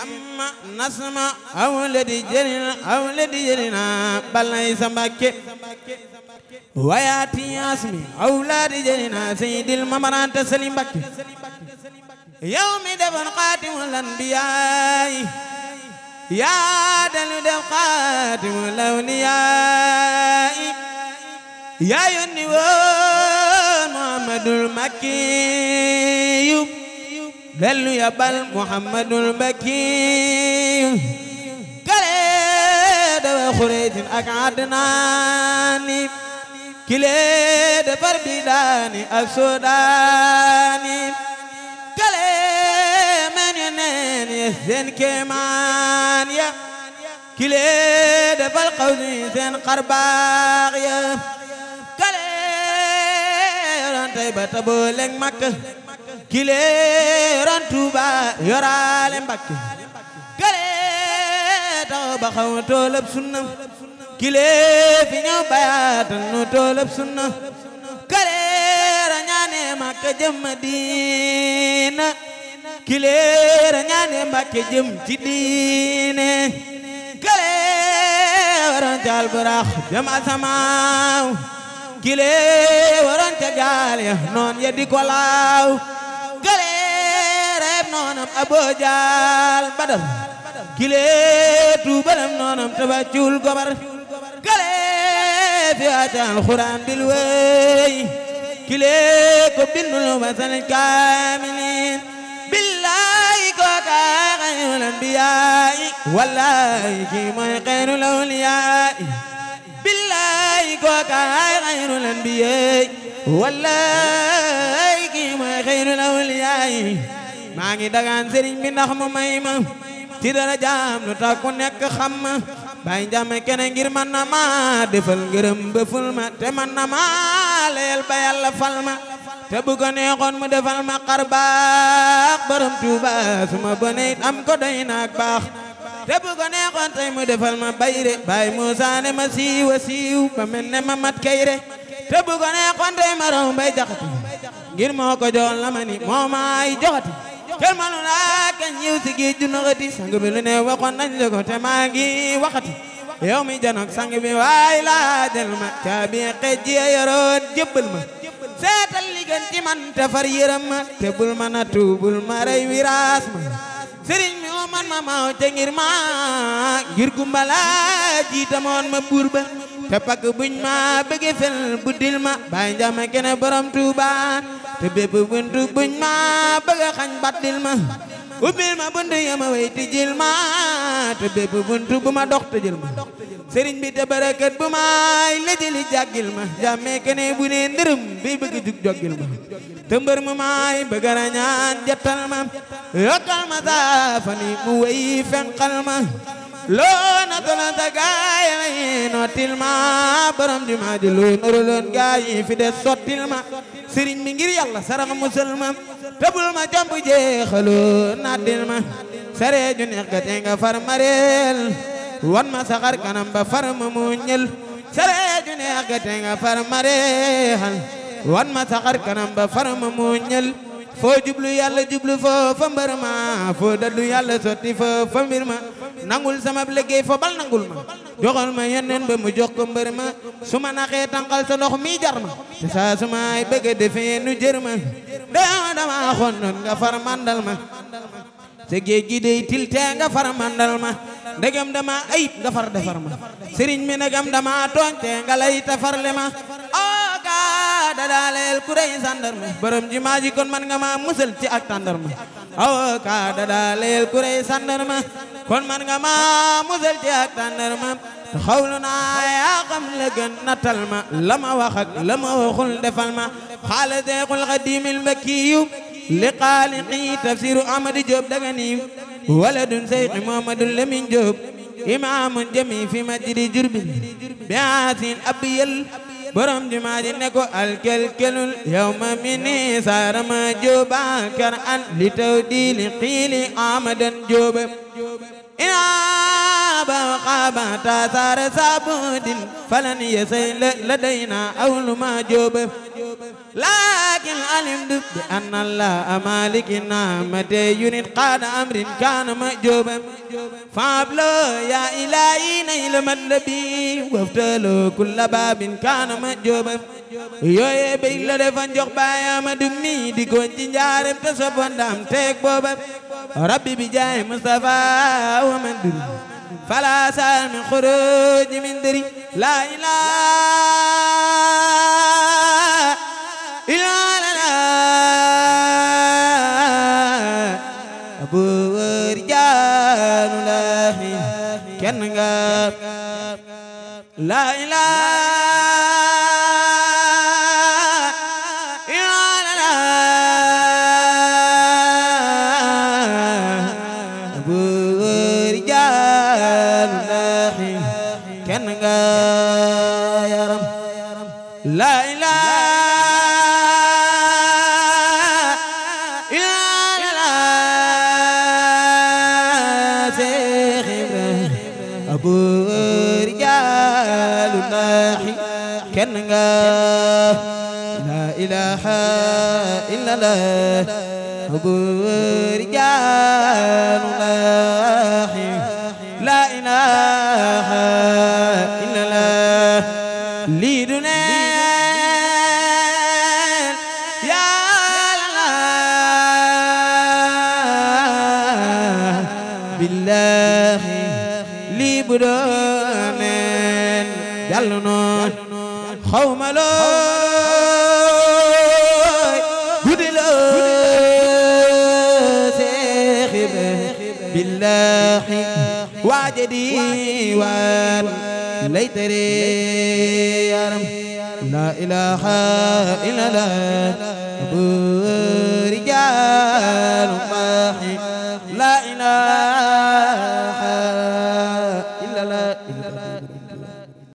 amma nasma awladi jërina awladi jërina balay sa wayaati yasmi awlaadi jërina seydil mamaranta sali Mbàkke yow mi defoon xaatimul anbiyaay yaa woon muhammadul makki dellu yabal muhammadul bakiyu kale dafa xureysin ak adnaani kile dafar bidaani ak sudaani kale men yu neen ye seen kemaan ya kile dafal qawsi seen xarbaax makka kilee ron Tuuba yoraale Mbakke këlee taw ba xaw toolab sunna kilee fi ñëw bayaatan toolab sunna këlee ra ñaane Makka jëm kilee ra Mbakke jëm ci diine këlee waroon jaal buraax jëm asamaaw kilee waroon ca ya noon ya di ko noonam aboojaal badal kilee tuubalam noonam tabacul gobar kalee fi waataan xuraan bil wey kilee ko bindul wasal kaamiliin billaahi kooka xayrul anbiyaa'i wallaahi kii mooy xayrul awliyaa'i billaahi kooka xayrul anbiyaa'i wallaahi kii mooy xayrul awliyaa'i maa ngi dagaan sëriñ bi ndax mu may ma ci dara jaam lu tax nekk xam ma bàyyi njàmm kene ngir man na ma defal ngërëm ba ma te man na ma leel ba yàlla fal ma te bu neexoon mu defal ma xar baax borom tuuba suma boneyit ko doy naak baax te bu neexoon tey mu defal ma bayre baay Muusaa ne ma siiwa siiw ba mel ma mat kayre te bu neexoon tey ma raw mbay jaxati ngir moo ko joon la ma ni moo maay joxati kenn mënu laa kañ yiw si géej ju naxati sang bi lu ne waxoon nañ la te maa ngi waxati yow mi janok sang bi waay laa del ma caabi xej ji yoroon jébbal ma seetal li gën man te far yërëm ma te bul ma nattu bul ma rey wiraas ma sëriñ mi o man ma maaw te ngir ma ngir gumba laa jiitamoon ma buur ba te pakk buñ ma bëgge fel buddil ma baay njaama kene borom Tuubaa te bépp bunt buñ ma bëgg a xañ baddil ma ubbil ma bunt ya wey tijjil ma te bépp bunt bu ma dox tëjël ma sëriñ bi te barakat bu may la jàggil ma jàmmee kene bu ne ndërëm bi bëgg jug joggil ma te mu may bëgg a ñaan ma yokkal ma saafani mu wey fenqal ma loo natolanta gaaya yi nottil ma borom jumaa ji loo noroloon fi des sottil ma sëriñ mi ngir yàlla sarax musulma tëbul ma jomb jeexaloo nattil ma saree neex ga tee nga far mareel wan ma saxar kanam ba far ma muññal saree neex ga tee nga far mareel wan ma saxar kanam ba far ma muññal foo jublu yàlla jublu fa fa mbër ma foo dadlu yàlla sotti fa fa mbir ma nangul sama liggéey fa bal nangul ma joxal ma yeneen be mu jox ko mbër ma su ma naxee tànqal sa ndox mi jar ma te saa su may bëgg a defee nu jër ma dama dama xoon nga far mandal ma te géej gi dey tiltee nga far mandal ma ndegam dama ayib nga far defar ma sëriñ mi ndegam dama tooñte nga lay tafarle ma dadaaleel kuréy sandarma borom ji maaji kon man nga ma musal ci ak tandarma awo ka dadaaleel kuréy sandarma kon man nga ma musal ci ak tandarma te xawlu naa yaa xam la gën natal ma la ma wax ak la ma waxul defal ma xaala deexul xadiimil mbakiyu li xaaliqi tafsiru amadi Diop Dagana wala dun seyxi Muhammadu Lamin Diop imaamun jami fi masjidi Jurbel biaasin abiyal borom jumaa ji ne ko alkelkelul yawma mini saarama jooba kar an li taw diili xiili amadan jooba ina خاب خاب تاثار سابود فلن يسيل لدينا أول ما جوب لكن علمت بأن الله مالك النعمة ينت قاد أمر كان مأجوبا فابلو يا إلهي نيل مطلبي وافتلو كل باب كان مأجوبا yooye béy la defa njox baayama du mi di goon ci njaareem te soppoon daam teeg booba rabbi bi jaay Mustafa wa man duru فلا سهل من خروج من دري لا إله إلا الله أبو رجال الله كن لا إله إلا الله أبو رجال nga yaram la ilaha illallah Seex Ibrahima abu rijaalu naaxi kenn nga la ilaha illallah abu rijaalu naaxi bu dooneen jàll noon xawma looy guddi loo seexibe billaahi waaje diiwaan lay tere yaram laa ilaaha illallaah abu rijaal